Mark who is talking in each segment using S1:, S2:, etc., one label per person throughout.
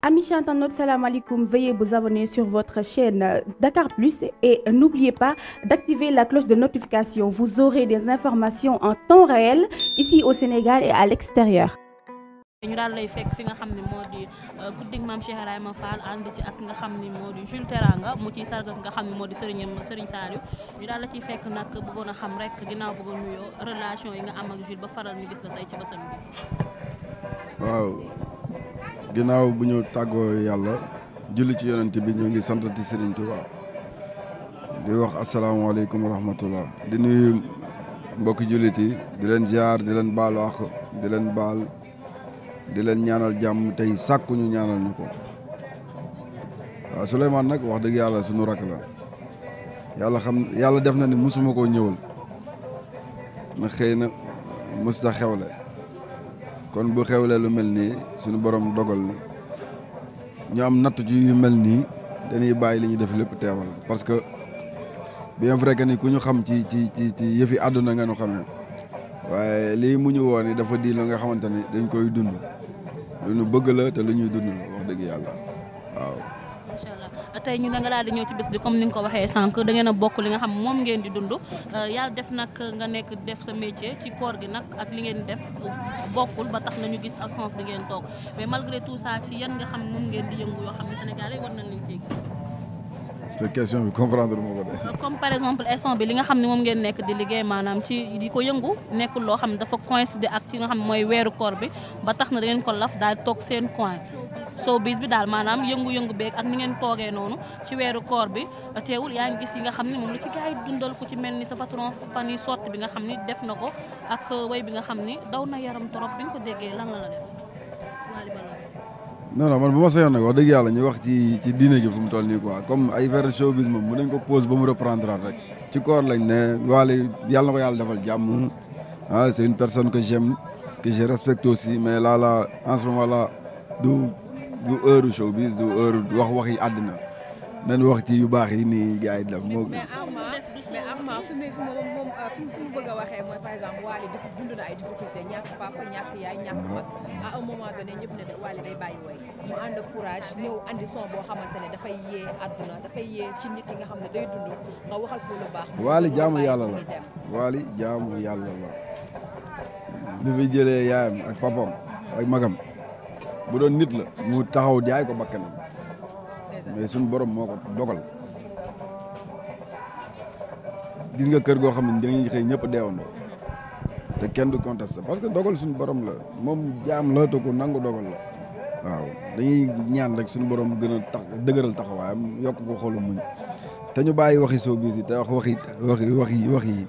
S1: Amis chers internautes, salam alaikum. Veuillez vous abonner sur votre chaîne Dakar Plus et n'oubliez pas d'activer la cloche de notification. Vous aurez des informations en temps réel ici au Sénégal et à l'extérieur. ñu daal lay fekk fi nga xam ne moo di euh, guddig maam Cheikh Ibrahima Fall ànd ci ak nga xam ni moo di Jules Teranga mu ciy sargal nga xam ne moo di sëriñam sëriñ Saliou ñu daal la ciy fekk nag bëggoon a xam rek ginnaaw bëgg a relation yi nga am ak ba faral ñu gis la tey ci bësam
S2: ginnaaw bu ñëw tàggoo yàlla julli ci yonent bi ñoo ngi santati Serigne Touba di wax asalaamaaleykum wa rahmatullah di nuyu mbokki jullit yi di leen ziar di leen baalu àq di leen baal di leen ñaanal jàmm tey sàkku ñu ñaanal ñu ko waaw Souleymane nag wax dëgg yàlla sunu rakk la yàlla xam yàlla def na ni musuma koo ñëwal na xëy na mës ta xewle kon bu xewlee lu mel nii suñu borom dogal ñu am natt ci yu mel nii dañuy bàyyi li ñuy def lépp teewal parce que bien vrai que ni ku ñu xam ci ci ci ci yëfi àdduna nga nu xamee waaye lii mu ñu woo ni dafa di la nga xamante ni dañ koy dund lu ñu bëgg la te lu ñuy dund wax dëgg yàlla waaw.
S1: tey ñu da nga daal di ñëw ci bés bi comme ni nga ko waxee sànq a xam moom ngeen di dund euh, yàlla def nga nekk def sa métier ci koor gi nag ak li ngeen def bokkul ba tax nañu gis absence bi ngeen toog mais malgré tout ça ci yan xam moom ngeen di yëngu nañ lañ cee gis
S2: te question bi comprendre moo euh,
S1: comme par exemple instant bi li nga xam ne moom ngeen nekk di liggéey maanaam ci di ko yëngu nekkul loo xam ne dafa coïncider ak ci nga xam mooy weeru koor bi ba tax na da ngeen ko laf daal toog seen coin showbiz bi daal maanaam yëngu-yëngu beeg ak ni ngeen toogee noonu ci weeru koor bi teewul yaa ngi gis yi nga xam ne moom la ci gars yi dundal ku ci mel ni sa patron fan yi sotti bi nga xam ni def na ko ak way bi nga xam ni daw na yaram torop bi nga ko déggee lan la la def
S2: non non man bu ma sayoon nag wax dëgg yàlla ñu wax ci ci diine gi fu mu toll nii quoi comme ay verre showbiz moom mën nañ ko pause ba mu reprendre rek ci koor lañ ne Wally yàlla na ko yàlla defal jàmm ah c'est une personne que j'aime que je respecte aussi mais là là en ce moment là du du heure showbiz du heure wax wax yi àddina wax ci yu baax yi nii gars yi def moo. mais
S3: Arma moom euh, fi mu bëgg a waxee mooy par exemple Wally dund na ay difficulté ñàkk papa ñàkk yaay ñàkk mag à un moment donné ñëpp ne Wally day bàyyi woy mu ànd ak courage ñëw andi son boo xamante dafay yee àdduna dafay yee ci nit nga xam ne day dund nga waxal ko
S2: lu baax. Wally yàlla la Wally jaamu yàlla la. li fi jëlee yaayam ak papam ak magam. bu doon nit la mu taxaw jaay ko bakkanam mais suñu borom moo ko dogal gis nga kër goo xam ne dinañ xëy ñëpp deewandoo te kenn du contesté parce que dogal suñu borom la moom jaam la te ko nangu dogal la waaw dañuy ñaan rek suñu borom gën a tax dëgëral taxawaayam yokk ko xolu muñ te ñu bàyyi waxi soo bis te wax waxi waxi waxi wax yi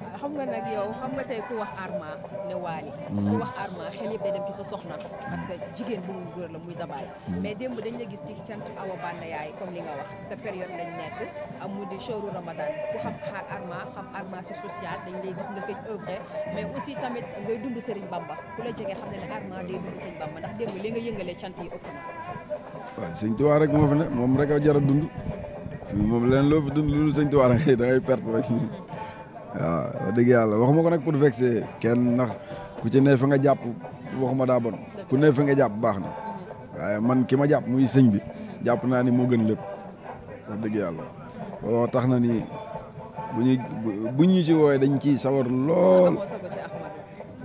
S3: tey ku wax Arma ne Wally mm-hmm. ku wax Arma xel yëpp day dem ci sa soxna parce jigéen bu mu góor la muy dabaay mm-hmm. mais démb dañ la gis ci cant Awa yaay comme li nga wax sa période nekk am mu di showru Ramadan ku xam xaar Arma xam Arma si social dañ lay gis nga koy œuvre mais aussi tamit ngay dund Serigne Bamba ku la jege xam ne ne Arma day dund Serigne Bamba ndax démb li nga yëngalee cant yi ëpp na
S2: waaw sëñ rek moo fi ne moom rek a jar a dund fii moom loo fi dund sëñ Tuubaa rek da ngay waaw wax dëgg yàlla ko nag pour vexer kenn na ku ci ne fa nga jàpp waxuma daa bon ku ne fa nga jàpp baax na man ki ma jàpp muy sëñ bi jàpp naa ni moo gën lépp wax dëgg yàlla boo tax na ni bu ñuy buñ ñu ci wooyee dañ ciy sawar lool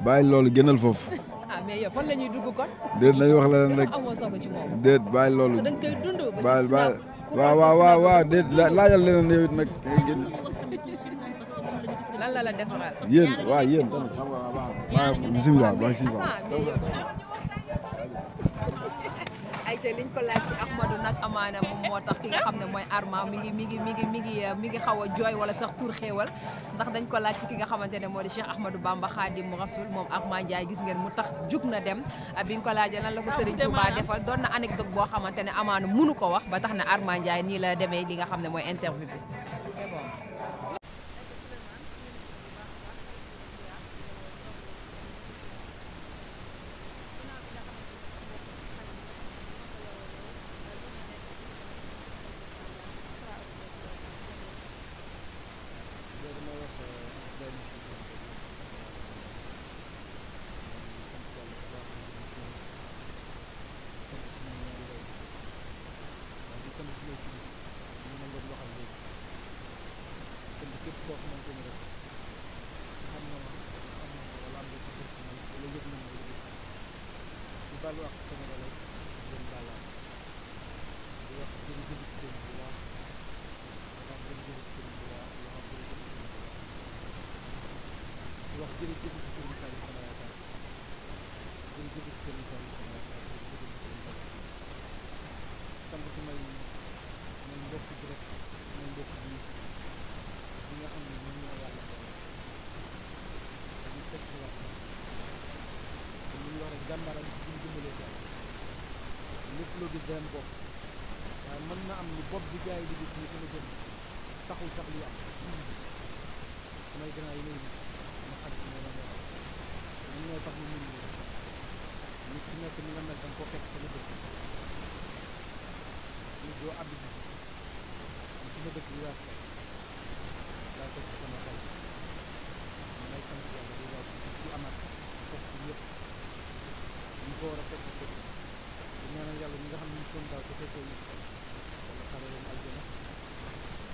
S2: loolu gënal foofu.
S3: ah mais kon. déet nañ wax la leen rek
S2: déet bàyyi loolu. da nga koy dund ba waaw waaw waaw déet laajal leneen yow it nag.
S3: la la defaral. yéen
S2: waaw yéen tamit xam nga waaw waaw bisimilah waaw
S3: nag amaana moom moo tax ki nga xam ne mooy Arma mi ngi mi ngi mi ngi mi ngi eh, mi ngi xaw a jooy wala sax tuur xéewal ndax dañ ko laaj ci ki nga xamante ne moo di Cheikh Ahmadou Bamba Khadim Rasoul moom Arma Ndiaye gis ngeen mu tax jug na dem ah, bi ñu ko laaj lan la ko Serigne Touba defal doon na anecdote boo xamante ne amaana munu ko wax ba tax ne Arma Ndiaye nii la demee li nga xam ne mooy interview bi.
S4: baalu ak sénégalais gën baaluwaat di wax jërëjëf sëñ bi wax wax jërëjëf sëñ bi wax wax jërëjëf sëñ bi wax di wax jërëjëf sëñ Saliou Sama Yaakaar jërëjëf sëñ Saliou Sama Yaakaar jërëjëf sëñ Saliou sant samay samay mbokk bi rek samay mbokk bi ñi nga xam ne ñoom ñoo yàlla dañu fekk wax ñu wax rek gànnaaram suñu dimbalee ci lépp loo gis beneen bopp waaye mën na am lu bopp bi gars yi di gis ni sama jëm taxul sax li am samay ganaar yi may gis ma xam ci moom la ñu ñooy tax ñu mun nit ki nekk ni nga mel danga ko fekk sama dëkk nit doo àddu bi ñu sama dëkk yi yaa daa teg sama xel may sant yàlla di laaj gis gi amaat foofu yëpp ñu ko war a fekk fekk di ñaanal yàlla ñi nga xam ne ñu sonn daal te fekkee ñu ko yàlla xare leen aljana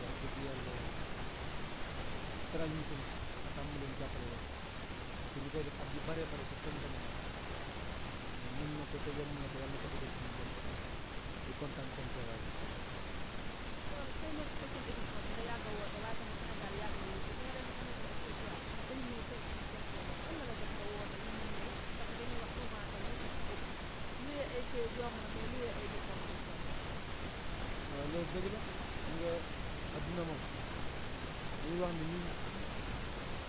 S4: wax dëgg yàlla teral ñu ko sàmm leen jàppale leen te ñu koy def ak yu bare bare te kenn dama mën na ko te yomb na ko yàlla ko def ci ñu di kontaan seen teewaay dëgg la nga adduna moom dañuy wax ni ñun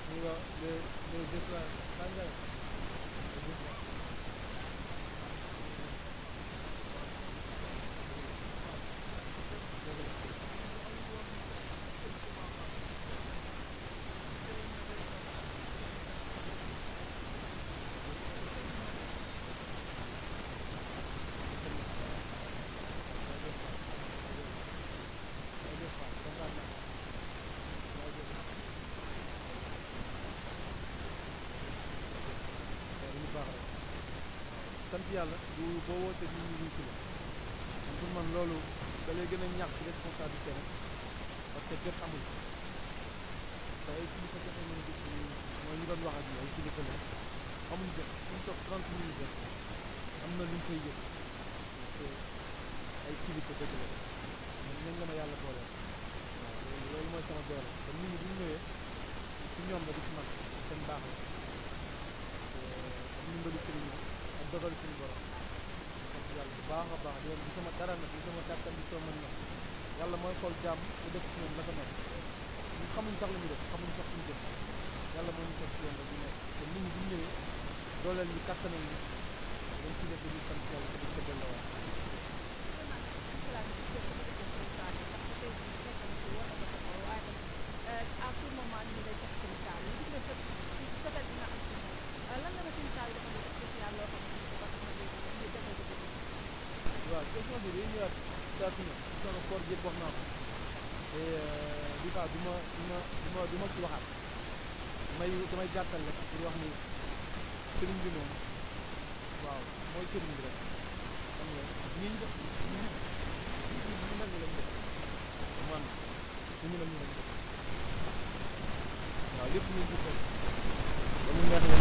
S4: ñu nga les les étoiles tàngaay yàlla du boo wootee nit ñi si la kon pour loolu da gën a ñàkk responsabilité rek parce que jot amul te ay kilifa joxe mooy ñu doon wax ak yow ay kilifa la amul jot am na luñ koy yëg parce que ay kilifa dëgg la man nañ la ma yàlla boole loolu mooy sama doole te nit ñi bu ci ñoom la du ci man seen baax la te am ndimbalu sëriñ dogal suñu borom sant yàlla bu baax a baax yoon bi sama dara nag li sama kàttan bi sama mën na yàlla mooy xool jàmm bu def ci ñoom la ko nekk ñu xamuñ sax lu ñu def xamuñ sax suñu def yàlla moo ñu teg ci yoon rek ñu nekk te nit ñi bu ñëwee dooleel ñu kàttanal ñu dañ ci def dañuy sant yàlla te duñ ko delloo
S3: à tout moment ñu lay def seen taal li nga jot sa dal dina am lan la la seen taal dafa
S4: question bi day ñëwaat saa su ne sama koor yëpp wax naa ko te di fois du ma du ma du ma du ci waxaat may damay waaw mooy sëriñ bi rek xam